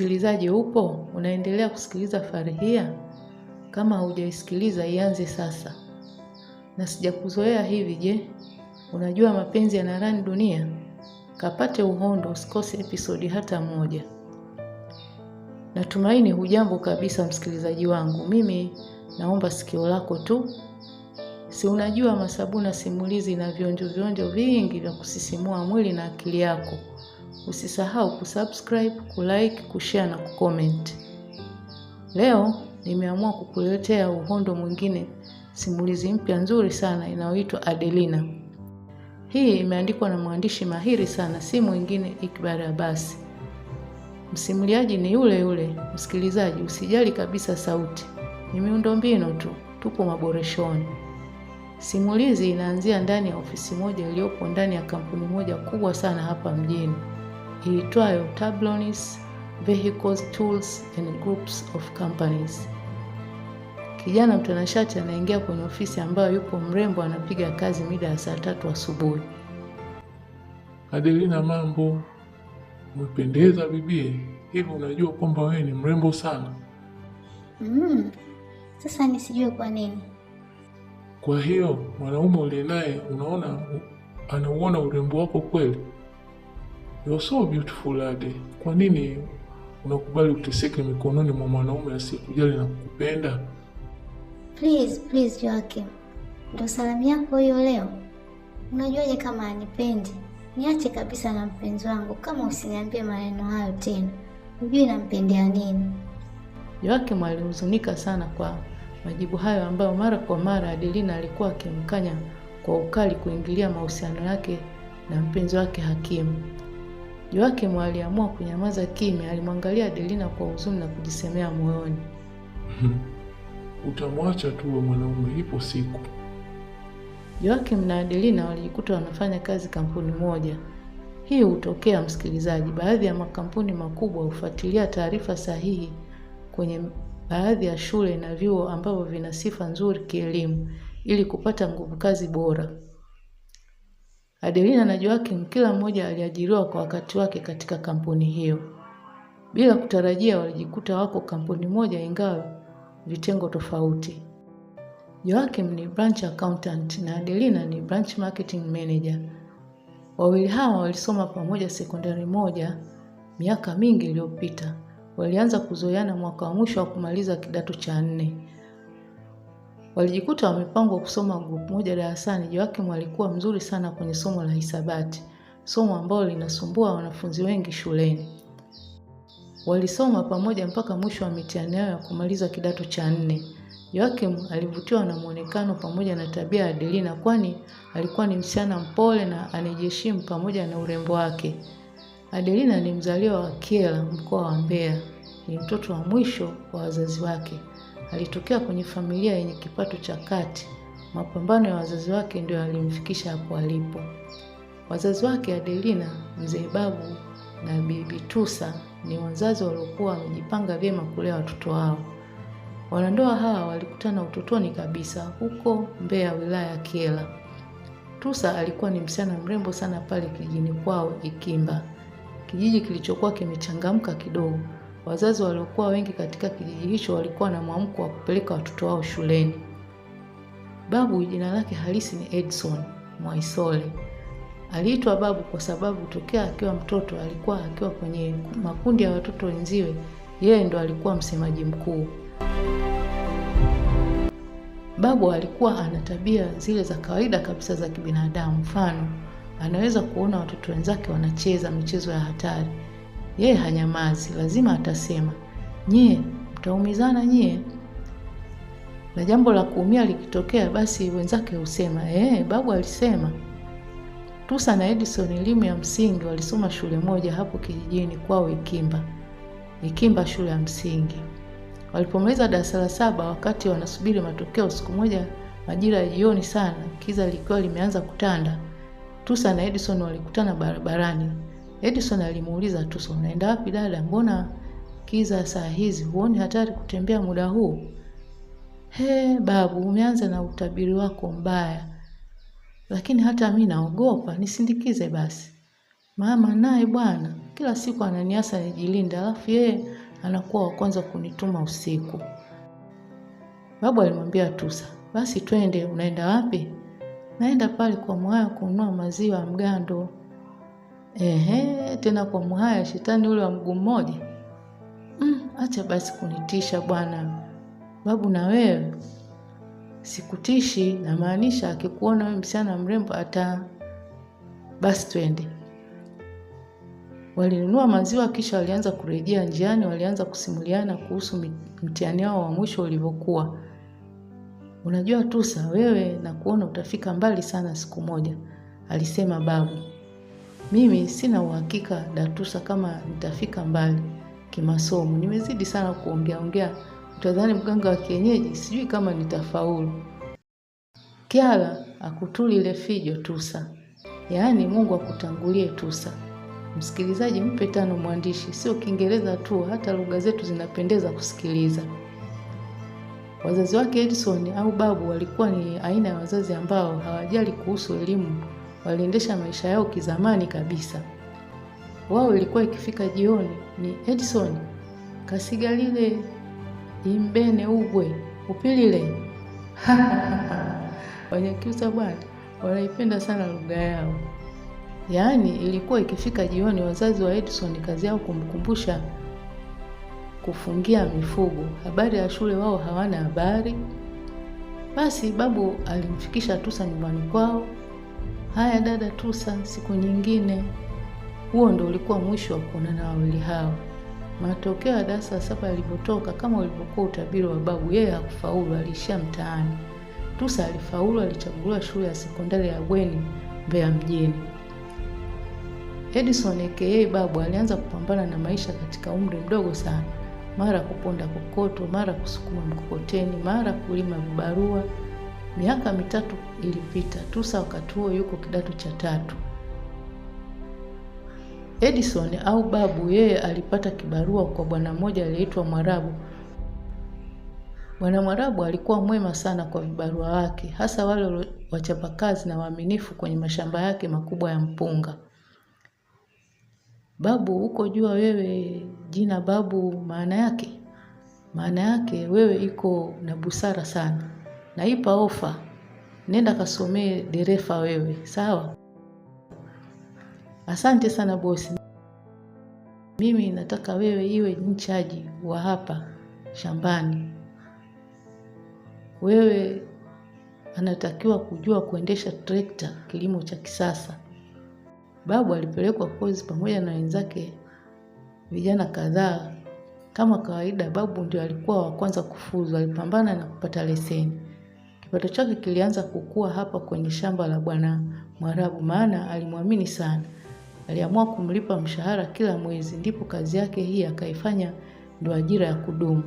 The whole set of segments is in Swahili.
Msikilizaji upo, unaendelea kusikiliza Farhia? Kama hujaisikiliza ianze sasa. Na sijakuzoea hivi. Je, unajua mapenzi yanarani dunia? Kapate uhondo, usikose episodi hata moja. Natumaini hujambo kabisa, msikilizaji wangu. Mimi naomba sikio lako tu. Si unajua masabuna simulizi na vionjo vionjo vingi vya kusisimua mwili na akili yako Usisahau kusubscribe, kulike, kushare na kucomment. Leo nimeamua kukuletea uhondo mwingine, simulizi mpya nzuri sana inayoitwa Adelina. Hii imeandikwa na mwandishi mahiri sana, si mwingine Iqbal Abbas. Msimuliaji ni yule yule. Msikilizaji, usijali kabisa sauti, ni miundombinu tu, tupo maboreshoni. Simulizi inaanzia ndani ya ofisi moja iliyopo ndani ya kampuni moja kubwa sana hapa mjini iitwayo Tablonis Vehicles Tools and Groups of Companies. Kijana mtanashati anaingia kwenye ofisi ambayo yupo mrembo anapiga kazi mida ya saa tatu asubuhi. Adelina, mambo. Umependeza bibie, hivi unajua kwamba wewe ni mrembo sana? Mm. Sasa ni sijui kwa nini. Kwa hiyo mwanaume uliye naye unaona, anauona urembo wako kweli? You're so beautiful Ade, kwa nini unakubali uteseke mikononi mwa mwanaume asiyekujali na kukupenda? Please, please Joakim, ndo salamu yako hiyo leo? Unajuaje kama anipendi? Niache kabisa na mpenzi wangu, kama usiniambie maneno hayo tena, hujui nampendea nini. Joakim alihuzunika sana kwa majibu hayo ambayo mara kwa mara Adelina alikuwa akimkanya kwa ukali kuingilia mahusiano yake na mpenzi wake Hakimu. Joakim aliamua kunyamaza kimya. Alimwangalia Adelina kwa huzuni na kujisemea moyoni, utamwacha tu wa mwanaume, ipo siku. Joakim na Adelina walijikuta wanafanya kazi kampuni moja. Hii hutokea msikilizaji. Baadhi ya makampuni makubwa hufuatilia taarifa sahihi kwenye baadhi ya shule na vyuo ambavyo vina sifa nzuri kielimu ili kupata nguvu kazi bora. Adelina na Joakim kila mmoja aliajiriwa kwa wakati wake katika kampuni hiyo. Bila kutarajia, walijikuta wako kampuni moja, ingawa vitengo tofauti. Joakim ni branch accountant na Adelina ni branch marketing manager. Wawili hawa walisoma pamoja sekondari moja miaka mingi iliyopita. Walianza kuzoeana mwaka wa mwisho wa kumaliza kidato cha nne. Walijikuta wamepangwa kusoma grupu moja darasani. Joakim alikuwa mzuri sana kwenye somo la hisabati, somo ambalo linasumbua wanafunzi wengi shuleni. Walisoma pamoja mpaka mwisho wa mitihani yao ya kumaliza kidato cha nne. Joakim alivutiwa na muonekano pamoja na tabia ya Adelina, kwani alikuwa ni msichana mpole na anayejiheshimu pamoja na urembo wake. Adelina ni mzaliwa wa Kyela, mkoa wa Mbeya ni mtoto wa mwisho wa wazazi wake. Alitokea kwenye familia yenye kipato cha kati. Mapambano ya wazazi wake ndio yalimfikisha hapo alipo. Wazazi wake Adelina, mzee babu na bibi Tusa ni wazazi waliokuwa wamejipanga vyema kulea watoto wao. Wanandoa hawa walikutana utotoni kabisa huko Mbeya, wilaya ya Kyela. Tusa alikuwa ni msichana mrembo sana pale kijijini kwao Ikimba, kijiji kilichokuwa kimechangamka kidogo Wazazi waliokuwa wengi katika kijiji hicho walikuwa na mwamko wa kupeleka watoto wao shuleni. Babu jina lake halisi ni Edson Mwaisole. Aliitwa babu kwa sababu tokea akiwa mtoto alikuwa akiwa kwenye makundi ya watoto wenziwe, yeye ndo alikuwa msemaji mkuu. Babu alikuwa ana tabia zile za kawaida kabisa za kibinadamu. Mfano, anaweza kuona watoto wenzake wanacheza michezo ya hatari yeye hanyamazi, lazima atasema. Nyie mtaumizana nyie, na jambo la kuumia likitokea, basi wenzake husema eh, babu alisema. Tusa na Edison elimu ya msingi walisoma shule moja hapo kijijini kwao Ikimba, Ikimba shule ya msingi. Walipomaliza darasa la saba, wakati wanasubiri matokeo, siku moja majira ya jioni sana, kiza likiwa limeanza kutanda, Tusa na Edison walikutana barabarani. Edison alimuuliza tusa unaenda wapi dada? Mbona kiza saa hizi, huoni hatari kutembea muda huu? He babu, umeanza na utabiri wako mbaya, lakini hata mi naogopa. Nisindikize basi. Mama naye bwana, kila siku ananiasa nijilinde, alafu yeye anakuwa wa kwanza kunituma usiku. Babu alimwambia Tusa, basi twende. Unaenda wapi? Naenda pale kwa Mwaya kununua maziwa ya mgando. Ehe, tena kwa muhaya shetani ule wa mguu mmoja. Mm, acha basi kunitisha bwana. Babu na wewe sikutishi, namaanisha akikuona wewe msichana mrembo ata basi twende. Walinunua maziwa kisha walianza kurejea. Njiani walianza kusimuliana kuhusu mtihani wao wa mwisho ulivyokuwa. Unajua Tusa, wewe na kuona utafika mbali sana siku moja, alisema babu. Mimi sina uhakika DATUSA kama nitafika mbali kimasomo, nimezidi sana kuongeaongea, utadhani mganga wa kienyeji, sijui kama nitafaulu. Kyala akutuli ile fijo TUSA, yaani Mungu akutangulie TUSA. Msikilizaji, mpe tano mwandishi, sio Kiingereza tu, hata lugha zetu zinapendeza kusikiliza. Wazazi wake Edison au babu walikuwa ni aina ya wazazi ambao hawajali kuhusu elimu waliendesha maisha yao kizamani kabisa. Wao ilikuwa ikifika jioni ni Edison kasigalile imbene ugwe upilile Wanyakyusa bwana wanaipenda sana lugha yao. Yaani ilikuwa ikifika jioni, wazazi wa Edison kazi yao kumkumbusha kufungia mifugo. Habari ya shule wao hawana habari. Basi babu alimfikisha Tusa nyumbani kwao Haya dada Tusa, siku nyingine. Huo ndo ulikuwa mwisho wa kuonana wawili hao. Matokeo ya darasa la saba yalivyotoka, kama ulivyokuwa utabiri wa babu, yeye hakufaulu, aliishia mtaani. Tusa alifaulu, alichaguliwa shule ya sekondari ya bweni Mbeya mjini. Edison aka babu alianza kupambana na maisha katika umri mdogo sana, mara kuponda kokoto, mara kusukuma mkokoteni, mara kulima vibarua Miaka mitatu ilipita, Tusa wakati huo yuko kidato cha tatu. Edison au babu yeye alipata kibarua kwa bwana mmoja aliyeitwa Mwarabu. Bwana Mwarabu alikuwa mwema sana kwa vibarua wake, hasa wale wachapakazi na waaminifu kwenye mashamba yake makubwa ya mpunga. Babu huko jua wewe, jina babu maana yake maana yake wewe iko na busara sana naipa ofa, nenda kasomee dereva wewe, sawa? Asante sana bosi, mimi nataka wewe iwe nchaji wa hapa shambani. Wewe anatakiwa kujua kuendesha trekta, kilimo cha kisasa. Babu alipelekwa kozi pamoja na wenzake vijana kadhaa. Kama kawaida, Babu ndio alikuwa wa kwanza kufuzu. Alipambana na kupata leseni. Kipato chake kilianza kukua hapa kwenye shamba la bwana Mwarabu, maana alimwamini sana. Aliamua kumlipa mshahara kila mwezi, ndipo kazi yake hii akaifanya ndo ajira ya kudumu.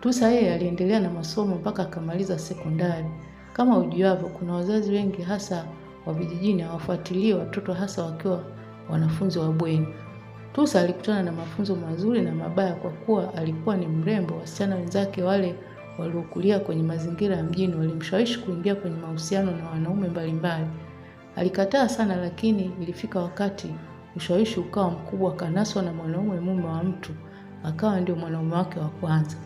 Tusa yeye aliendelea na masomo mpaka akamaliza sekondari. Kama ujuavyo, kuna wazazi wengi hasa wa vijijini hawafuatilii watoto hasa wakiwa wanafunzi wa bweni. Tusa alikutana na mafunzo mazuri na mabaya, kwa kuwa alikuwa ni mrembo, wasichana wenzake wale waliokulia kwenye mazingira ya mjini walimshawishi kuingia kwenye mahusiano na wanaume mbalimbali. Alikataa sana, lakini ilifika wakati ushawishi ukawa mkubwa, akanaswa na mwanaume mume wa mtu, akawa ndio mwanaume wake wa kwanza.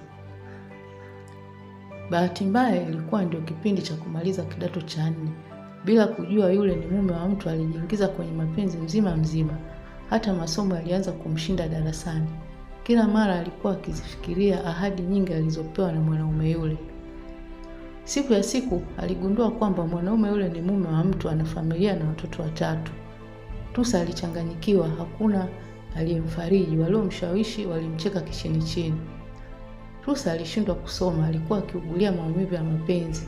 Bahati mbaya ilikuwa ndio kipindi cha kumaliza kidato cha nne. Bila kujua yule ni mume wa mtu, alijiingiza kwenye mapenzi mzima mzima, hata masomo yalianza kumshinda darasani. Kila mara alikuwa akizifikiria ahadi nyingi alizopewa na mwanaume yule. Siku ya siku aligundua kwamba mwanaume yule ni mume wa mtu, ana familia na watoto watatu. Tusa alichanganyikiwa, hakuna aliyemfariji. Waliomshawishi walimcheka kicheni chini. Tusa alishindwa kusoma, alikuwa akiugulia maumivu ya mapenzi.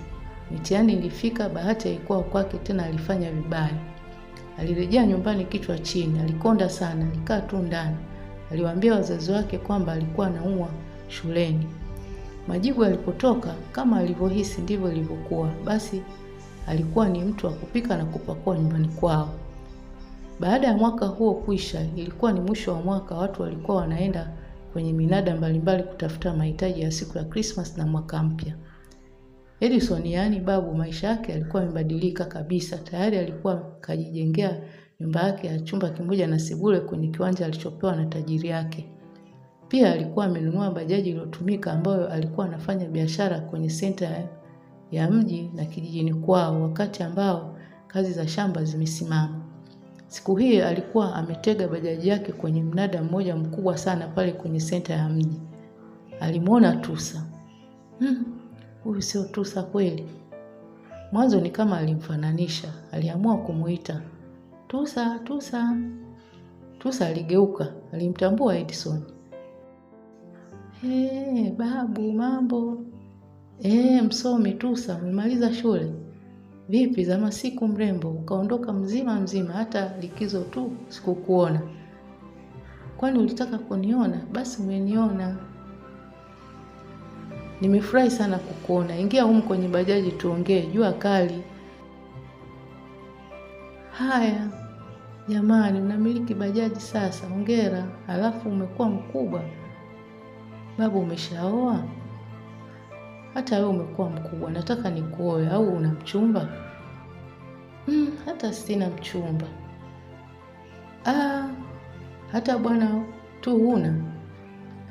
Mitihani ilifika, bahati haikuwa kwake tena, alifanya vibaya. Alirejea nyumbani kichwa chini, alikonda sana, alikaa tu ndani aliwaambia wazazi wake kwamba alikuwa anaua shuleni. Majibu yalipotoka kama alivyohisi ndivyo ilivyokuwa, basi alikuwa ni mtu wa kupika na kupakua nyumbani kwao. Baada ya mwaka huo kuisha, ilikuwa ni mwisho wa mwaka, watu walikuwa wanaenda kwenye minada mbalimbali kutafuta mahitaji ya siku ya Krismasi na mwaka mpya. Edison yaani babu, maisha yake yalikuwa yamebadilika kabisa. Tayari alikuwa kajijengea nyumba yake ya chumba kimoja na sebule kwenye kiwanja alichopewa na tajiri yake. Pia alikuwa amenunua bajaji iliyotumika ambayo alikuwa anafanya biashara kwenye senta ya mji na kijijini kwao wakati ambao kazi za shamba zimesimama. Siku hii alikuwa ametega bajaji yake kwenye mnada mmoja mkubwa sana pale kwenye senta ya mji. Alimwona Tusa. Hmm, huyu sio Tusa kweli. Mwanzo ni kama alimfananisha, aliamua kumuita Tusa, Tusa. Tusa aligeuka, alimtambua Edison. Hey, babu mambo. Hey, msomi Tusa, umemaliza shule? Vipi za masiku mrembo, ukaondoka mzima mzima, hata likizo tu sikukuona. Kwani ulitaka kuniona? Basi umeniona. Nimefurahi sana kukuona. Ingia humu kwenye bajaji tuongee, jua kali. Haya jamani, unamiliki bajaji sasa, hongera. Halafu umekuwa mkubwa, babu, umeshaoa? Hata wewe umekuwa mkubwa, nataka nikuoe. Au una mchumba? Hmm, hata sina mchumba. Ah, hata bwana tu huna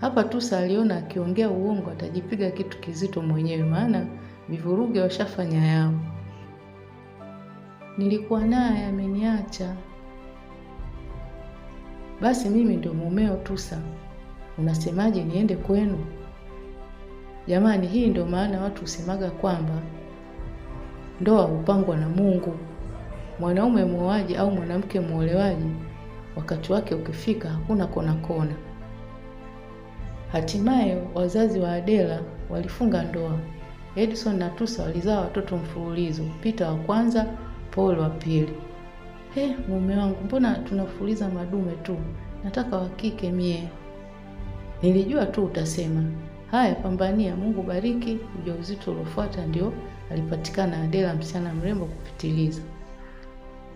hapa tu. Saliona akiongea uongo atajipiga kitu kizito mwenyewe, maana vivuruge washafanya yao nilikuwa naye ameniacha. Basi mimi ndio mumeo Tusa, unasemaje niende kwenu? Jamani, hii ndio maana watu husemaga kwamba ndoa hupangwa na Mungu. Mwanaume muoaji au mwanamke muolewaji, wakati wake ukifika, hakuna kona kona. Hatimaye wazazi wa Adela walifunga ndoa. Edison na Tusa walizaa watoto mfululizo, Pita wa kwanza Paulo wa pili. He, mume wangu, mbona tunafuliza madume tu? Nataka wakike mie. Nilijua tu utasema haya. Pambania. Mungu bariki. Ujauzito uliofuata ndio alipatikana Adela, msichana mrembo kupitiliza.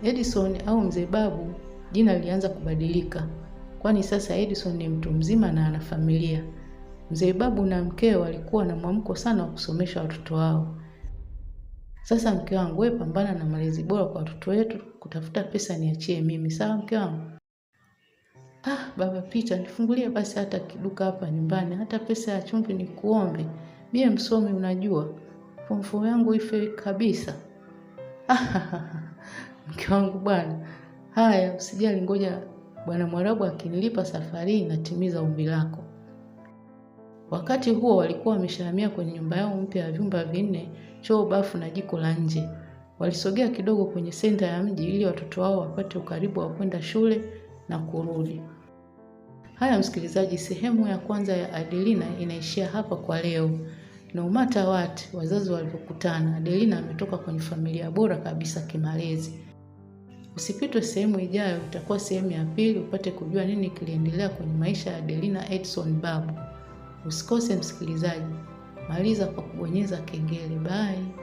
Edison au mzee Babu jina lilianza kubadilika, kwani sasa Edison ni mtu mzima na ana familia. Mzee Babu na mkeo walikuwa na mwamko sana wa kusomesha watoto wao. Sasa mke wangu, wewe pambana na malezi bora kwa watoto wetu, kutafuta pesa niachie mimi, sawa mke wangu? Ah, baba Peter, nifungulie basi hata kiduka hapa nyumbani, hata pesa ya chumvi nikuombe. Mie msomi, unajua form yangu ife kabisa. Ah, mke wangu bwana, haya usijali, ngoja bwana Mwarabu akinilipa safari natimiza ombi lako. Wakati huo walikuwa wameshahamia kwenye nyumba yao mpya ya vyumba vinne choo, bafu na jiko la nje. Walisogea kidogo kwenye senta ya mji ili watoto wao wapate ukaribu wa kwenda shule na kurudi. Haya msikilizaji, sehemu ya kwanza ya Adelina inaishia hapa kwa leo. No matter what wazazi walivyokutana, Adelina ametoka kwenye familia bora kabisa kimalezi. Usipitwe sehemu ijayo, itakuwa sehemu ya pili upate kujua nini kiliendelea kwenye maisha ya Adelina Edson Babu. Usikose msikilizaji. Maliza kwa kubonyeza kengele. Bye.